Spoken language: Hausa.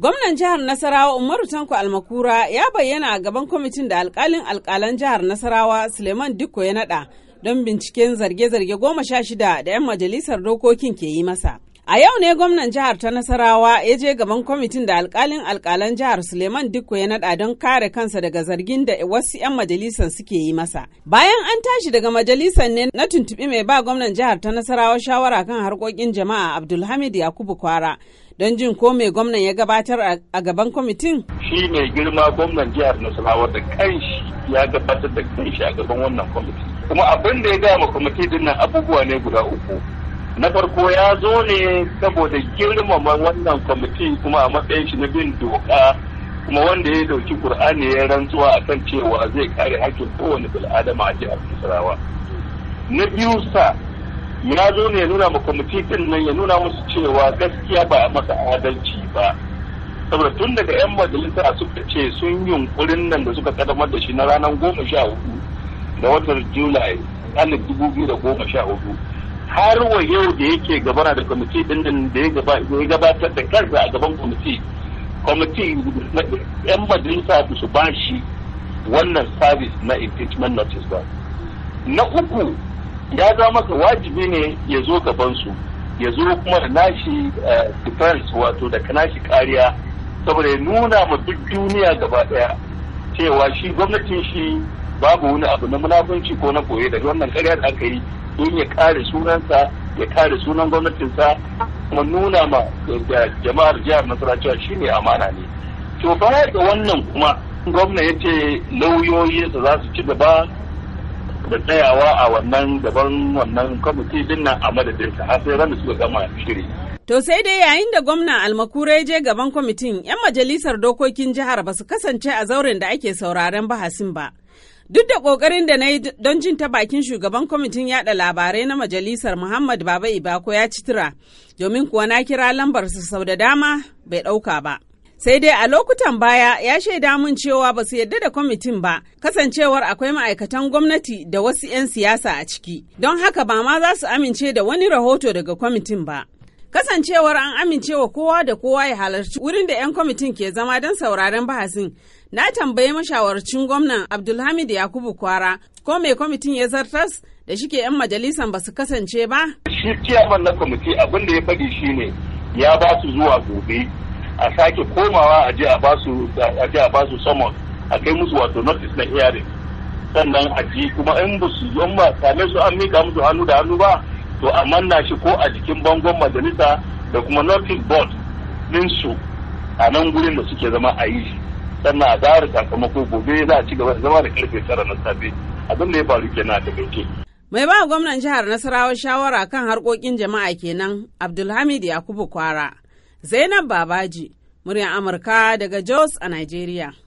Gwamnan jihar Nasarawa Umaru Tanko Almakura ya bayyana a gaban kwamitin da alkalin alkalan jihar Nasarawa Suleiman Dikko ya nada don binciken zarge-zarge goma sha shida da 'yan majalisar dokokin ke yi masa. A yau ne gwamnan jihar ta Nasarawa ya je gaban kwamitin da alkalin alkalan jihar Suleiman Dikko ya nada don kare kansa daga zargin da wasu 'yan majalisar suke yi masa. Bayan an tashi daga majalisar ne na tuntuɓi mai ba gwamnan jihar ta Nasarawa shawara kan harkokin jama'a Abdulhamid Yakubu Kwara. Don jin ko mai gwamnan ya gabatar a gaban kwamitin. Shi mai girma gwamnan jihar Nasarawa da kanshi ya gabatar da kanshi a gaban wannan kwamitin Kuma abin da ya gama kwamitin abubuwa ne guda uku. na farko ya zo ne saboda girmama wannan kwamiti kuma a matsayin shi na bin doka kuma wanda ya dauki Kur'ani ya rantsuwa a kan cewa zai kare hakkin kowane bil'adama a jihar Nasarawa. Na biyu sa ya zo ne ya nuna ma kwamiti din nan ya nuna musu cewa gaskiya ba a masa adalci ba. Saboda tun daga 'yan majalisa suka ce sun yunkurin nan da suka kadamar da shi na ranar goma sha hudu da watan Julai alif dubu biyu da goma sha hudu har wa yau da yake gabana da kwamiti din da ya gabatar da karfe a gaban kwamiti kwamiti yan majalisa ba su ba shi wannan sabis na impeachment notice ba na uku ya za masa wajibi ne ya zo gabansu ya zo kuma da nashi eh, defense wato da nashi kariya saboda ya nuna ma duk duniya gaba daya cewa shi gwamnatin shi babu wani abu na munafunci ko na koye da wannan karyar da aka yi don ya kare sunansa ya kare sunan gwamnatinsa kuma nuna ma jama'ar jihar nasara cewa shine amana ne to baya ga wannan kuma gwamna ya ce lauyoyinsa za su ci gaba da tsayawa a wannan gaban wannan kwamiti din nan a madadinsa har sai ranar suka gama shiri To sai dai yayin da gwamna almakura ya je gaban kwamitin 'yan majalisar dokokin jihar ba su kasance a zauren da ake sauraren bahasin ba. Duk da ƙoƙarin da na yi don jin ta bakin shugaban kwamitin yada labarai na majalisar Muhammad Baba Ibako ya ci tura, domin kuwa na kira lambarsa sau da dama bai ɗauka ba. Sai dai a lokutan baya ya shaida mun cewa ba su yadda da kwamitin ba, kasancewar akwai ma'aikatan gwamnati da wasu 'yan siyasa a ciki, don haka ba ma za su amince da wani rahoto daga kwamitin ba. Kasancewar an amincewa kowa da kowa ya halarci wurin da 'yan kwamitin ke zama don sauraron bahasin. Na tambayi mashawarcin gwamnan Abdulhamid Yakubu Kwara ko mai kwamitin ya zartas da shike 'yan majalisan ba su kasance ba. Shi ciyaman na kwamiti abin da ya faɗi shi ne ya ba su zuwa gobe a sake komawa a je a ba su a kai musu wato notice na hearing sannan a ji kuma in ba su an mika musu hannu da hannu ba to a manna shi ko a jikin bangon majalisa da kuma notice board ɗinsu a nan gurin da suke zama a yi sannan a tsara sakamako gobe za a ci gaba da zama da karfe tara na safe abin da ya faru kenan a takaice. mai ba gwamnan jihar nasarawa shawara kan harkokin jama'a kenan abdulhamid yakubu kwara zainab babaji muryar amurka daga jos a nigeria.